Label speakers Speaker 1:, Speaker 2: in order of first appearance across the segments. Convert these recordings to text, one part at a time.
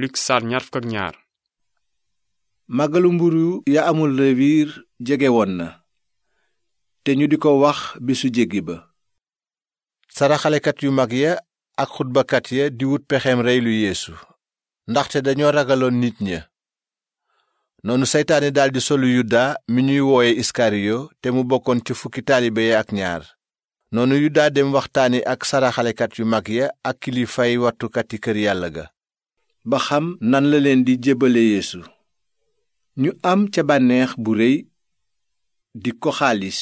Speaker 1: Luk saar ñaar fukk ak mburu ya amul rewiir jege woon na te ñu di ko wax bisu jéggi ba saraxalekat yu mag ya ak xutbakat ya di wut pexeem rey lu yeesu ndaxte dañoo ragaloon nit ña noonu seytaane daldi solu yuda mi ñuy wooye iskariyo te mu bokkoon ci fukki taalibe ya ak ñaar noonu yuda dem waxtaani ak saraxalekat yu mag ya ak kilifay wattukati kër yàlla ga ba xam nan la leen di jébbale yeesu ñu am ca bànneex bu réy di ko xaalis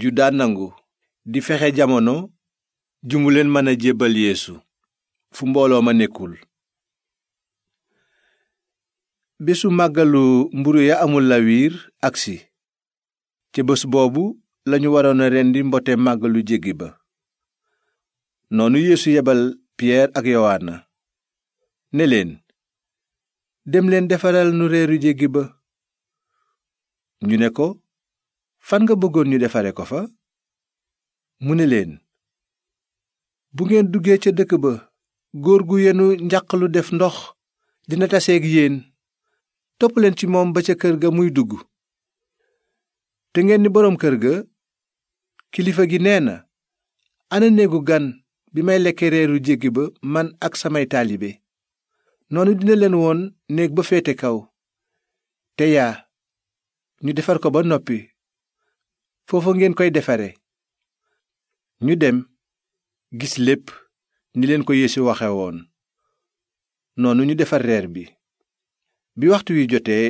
Speaker 1: yu daan nangu di fexe jamono ju leen mën a jébbal yeesu fu mbooloo ma nekkul bésu màggalu mburu ya amul lawiir agsi ca bés boobu lañu waroon a rendi mbote màggalu jéggi ba noonu yéesu yebal piyeer ak yowaana ne leen dem leen defaral nu reeru jéggi ba ñu ne ko fan nga bëggoon ñu defare ko fa mu ne leen bu ngeen duggee ca dëkk ba góor gu yenu njaq lu def ndox dina taseeg yéen topp leen ci moom ba ca kër ga muy dugg te ngeen ni boroom kër ga kilifa gi nee na ana néegu gan bi may lekke reeru jéggi ba man ak samay taalibe noonu dina leen woon néeg ba féete kaw te yaa ñu defar ko ba noppi foofa ngeen koy defare ñu dem gis lépp ni leen ko Yeesu waxe woon noonu ñu defar reer bi bi waxtu wi jotee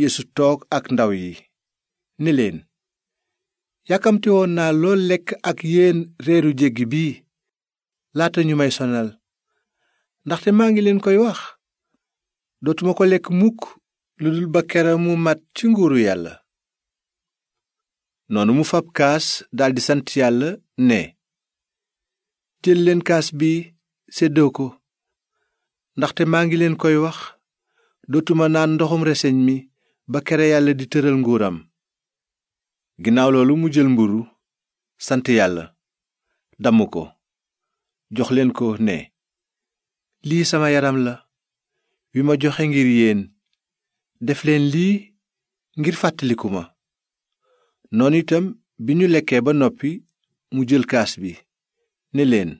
Speaker 1: Yeesu toog ak ndaw yi ni leen yàkkamti woon naa lool lekk ak yéen reeru jéggi bii laata ñu may sonal ndaxte maa ngi leen koy wax dootuma ko lekk mukk lu dul ba kera mu mat ci nguuru yàlla noonu mu fab kaas daldi sant yàlla ne jël leen kaas bi seddoo ko ndaxte maa ngi leen koy wax dootuma naan ndoxum reseñ mi ba kere yàlla di tëral nguuram ginnaaw loolu mu jël mburu sant yàlla damm ko joxleen leen ko ne lii sama yaram la wi ma joxe ngir yéen def leen lii ngir fàttaliku ma noonu itam bi ñu lekkee ba noppi mu jël kaas bi ni leen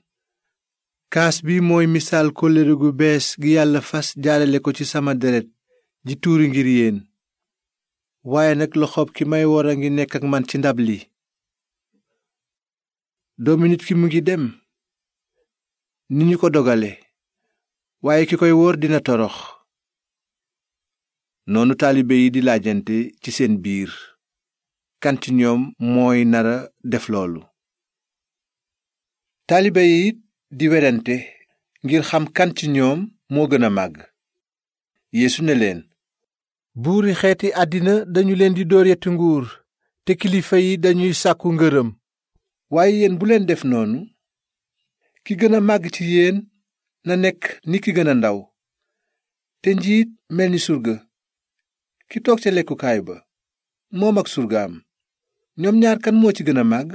Speaker 1: kaas bi mooy misaal kóllëre gu bees gi yàlla fas jaarale ko ci sama deret ji tuuri ngir yéen waaye nag loxoob ki may wor a ngi nekk ak man ci ndab li doomu nit mu ngi dem ni ko dogale waaye ki koy wóor dina torox noonu taalibe yi di laajante ci seen biir kan ci ñoom mooy nara def loolu taalibe yi di werante ngir xam kan ci ñoom moo gën a màgg yeesu ne leen buuri xeeti àddina dañu leen di dóor yetti nguur te kilifa yi dañuy sàkku ngërëm waaye yéen bu leen def noonu ki gën a màgg ci yéen na nekk ni ki gën a ndaw te njiit mel ni surga ki toog ca lekkukaay ba moom ak surgaam ñoom ñaar kan moo ci gën a màgg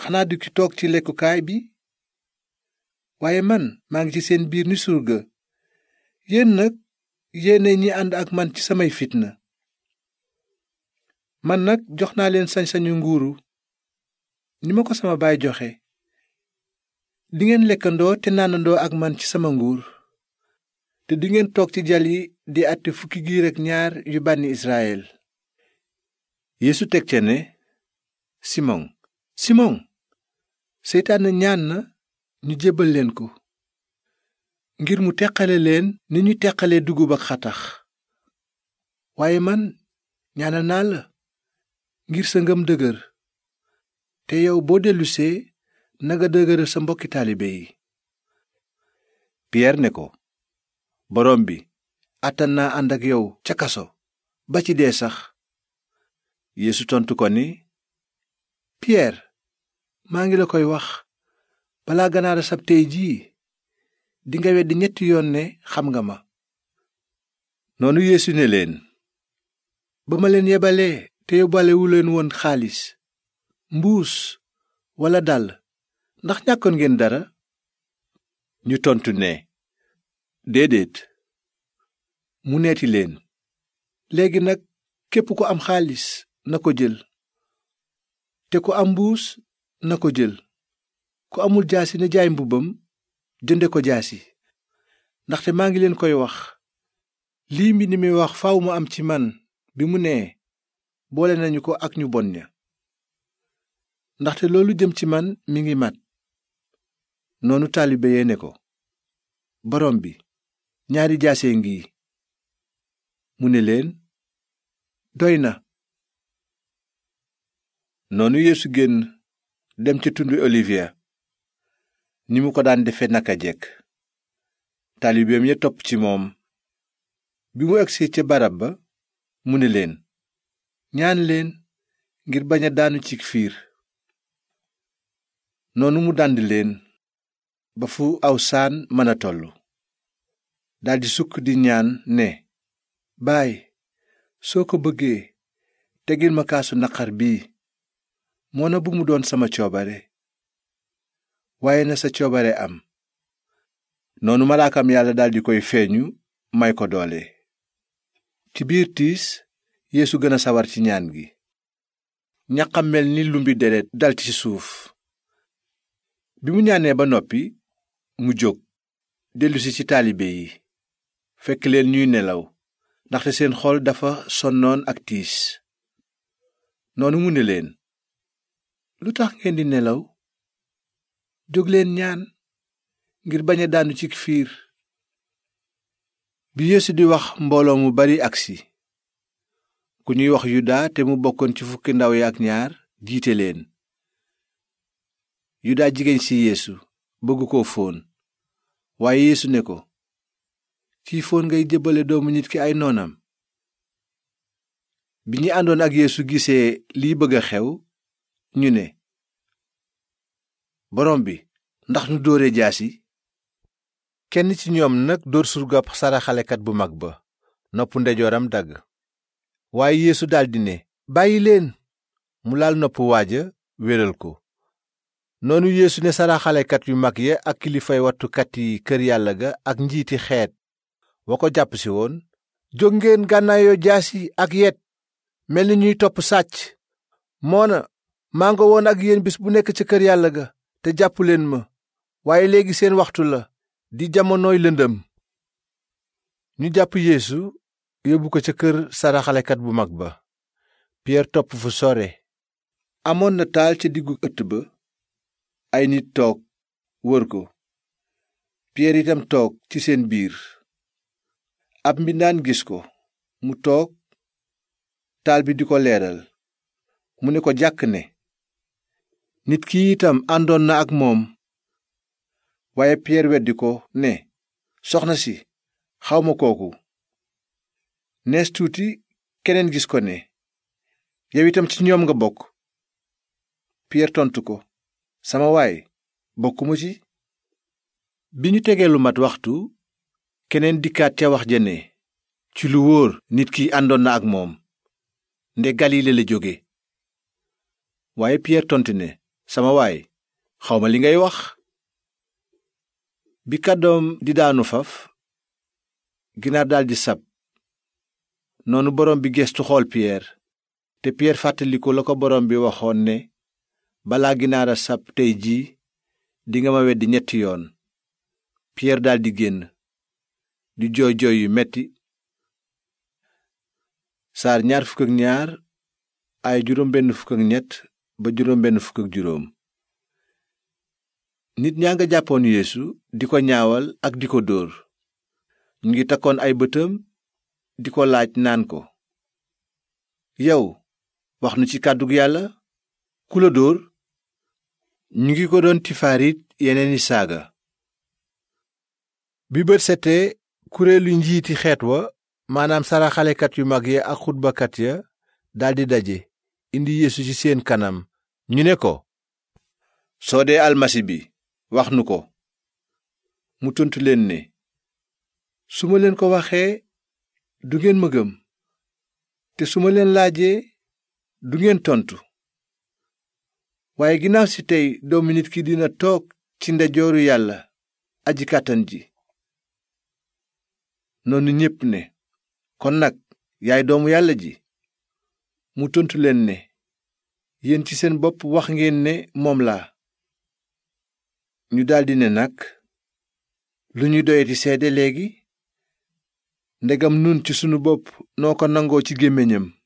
Speaker 1: xanaa di ki toog ci lekkukaay bi waaye man maa ngi ci seen biir ni surga yéen nag yéene ñi ànd ak man ci samay fitna man nag jox naa leen sañ-sañu nguuru ni ma ko sama baay joxe dingeen lekkandoo te naanandoo ak man ci sama nguur te dingeen toog ci jal yi di àtte fukki giir ak ñaar yu bànni Israyil Yeesu teg ce ne Simon Simon seytaan ñaan na ñu jébbal leen ko ngir mu teqale leen ni ñu teqalee dugub ak xatax waaye man ñaanal naa la ngir sa ngëm dëgër te yow boo dellusee nanga dëgëral sa mbokki taalibe yi piyeer ne ko borom bi àttan naa ànd ak yow ca kaso ba ci dee sax yéesu tontu ko ni piyeer maa ngi la koy wax balaa ganaara sab tey jii dinga weddi ñetti yoon ne xam nga ma noonu yéesu ne leen ba ma leen yebalee te yóbbaalewuleen woon xaalis mbuus walla dàll ndax ñàkkoon ngeen dara ñu tontu ne déedéet mu neeti leen léegi nag képp ku am xaalis na ko jël te ko am mbuus na ko jël ku amul jaasi na jaay mbubbam jënde ko jaasi ndaxte maa ngi leen koy wax lii mbi ni mi wax faw mu am ci man bi mu nee boole nañu ko ak ñu bon ña ndaxte loolu jëm ci man mi ngi mat noonu taalibe yee ne ko borom bi ñaari jaase ngi mu ne leen doy na noonu yeesu génn dem ca tundu olivier ni mu ko daan defe naka jekk taalibeem ya topp ci moom bi mu egsee ca barab ba mu ne leen ñaan leen ngir bañ a daanu ci fiir noonu mu dànd leen ba fu aw saan mën a toll daldi sukk di ñaan ne baay soo ko bëggee tegil ma kaasu naqar bii moona bu mu doon sama coobare waaye na sa coobare am noonu malaakam yàlla daldi koy feeñu may ko doole ci biir tiis yéesu gën a sawar ci ñaan gi ñaqam mel ni lumbi deret dal ci suuf bi mu ñaanee ba noppi mu jóg dellusi ci taalibe yi fekk leen ñuy nelaw ndaxte seen xool dafa sonnoon ak tiis noonu mu ne leen lu tax ngeen di nelaw jóg leen ñaan ngir bañ a daanu ci fiir bi Yeesu di wax mbooloo mu bari agsi ku ñuy wax Yuda te mu bokkoon ci fukki ndaw yi ak ñaar jiite leen Yuda jigéen ci Yeesu bëgg koo fóon waaye yeesu ne ko fii foon ngay jëbale doomu nit ki ay noonam bi ñi àndoon ak yeesu gisee liy bëgg xew ñu ne borom bi ndax nu dóore jaasi kenn ci ñoom nag dóor surgab saraxalekat bu mag ba noppu ndeyjooram dagg waaye yéesu daldi ne bàyyi leen mu laal nopp waaja wéral ko noonu yéesu ne saraxalekat yu mag ya ak kilifay wattukat yi kër yàlla ga ak njiiti xeet wa ko jàpp si woon jóg ngeen gànnaayoo jaas yi ak yet mel na ñuy topp sàcc moona maa nga woon ak yéen bis bu nekk ca kër yàlla ga te jàpp leen ma waaye léegi seen waxtu la di jamonooy lëndëm ñu jàpp yeesu yóbbu ko ca kër saraxalekat bu mag ba piyeer topp fu sore amoon na taal ca diggu ëtt ba ay nit toog wër ko piyeer itam toog ci seen biir ab mbindaan gis ko mu toog taal bi di ko leeral mu ne ko jàkk ne nit ki itam àndoon na ak moom waaye piyeer weddi ko ne soxna si xawma kooku nees tuuti keneen gis ko ne yow itam ci ñoom nga bokk piyeer ko sama waay bokkuma ci bi ñu tegee lu mat waxtu keneen dikkaat ca wax ja ne ci lu wóor nit ki àndoon na ak moom nde galile la jóge waaye piyeer tontu ne sama waay xawma li ngay wax bi kàddoom di daanu faf ginaar daldi sab noonu boroom bi gestu xool piyeer te piyeer fàttaliku la ko borom bi waxoon ne balaa ginaara sab tey jii dinga ma weddi ñetti yoon piyeer daldi génn di jooy jooy yu metti saar ñaar fukk ak juróom benn fukk ak ñett ba nit ñaa nga jàppoon yéesu di ko ñaawal ak di ko dóor ñu ngi takkoon ay bëtam di ko laaj naan ko yow wax nu ci kàddu yàlla ku la dóor ñu ngi ko doon tifaarit yeneeni saaga bi bët setee kuréelu njiiti xeet wa maanaam saraxalekat yu mag ya ak xutbakat ya daldi daje indi yeesu ci seen kanam ñu ne ko soo dee almasi bi wax nu ko mu tontu leen ne su ma leen ko waxee du ngeen ma te su ma leen laajee du ngeen tontu waaye ginnaaw si tey doomu nit ki dina toog ci ndajooru yàlla aji kàttan ji noonu ñépp ne kon nag yaay doomu yàlla ji mu tontu leen ne yéen ci seen bopp wax ngeen ne moom laa ñu daldi ne nag lu ñu doyati seede léegi ndegam nun ci sunu bopp noo ko nangoo ci gémmiñam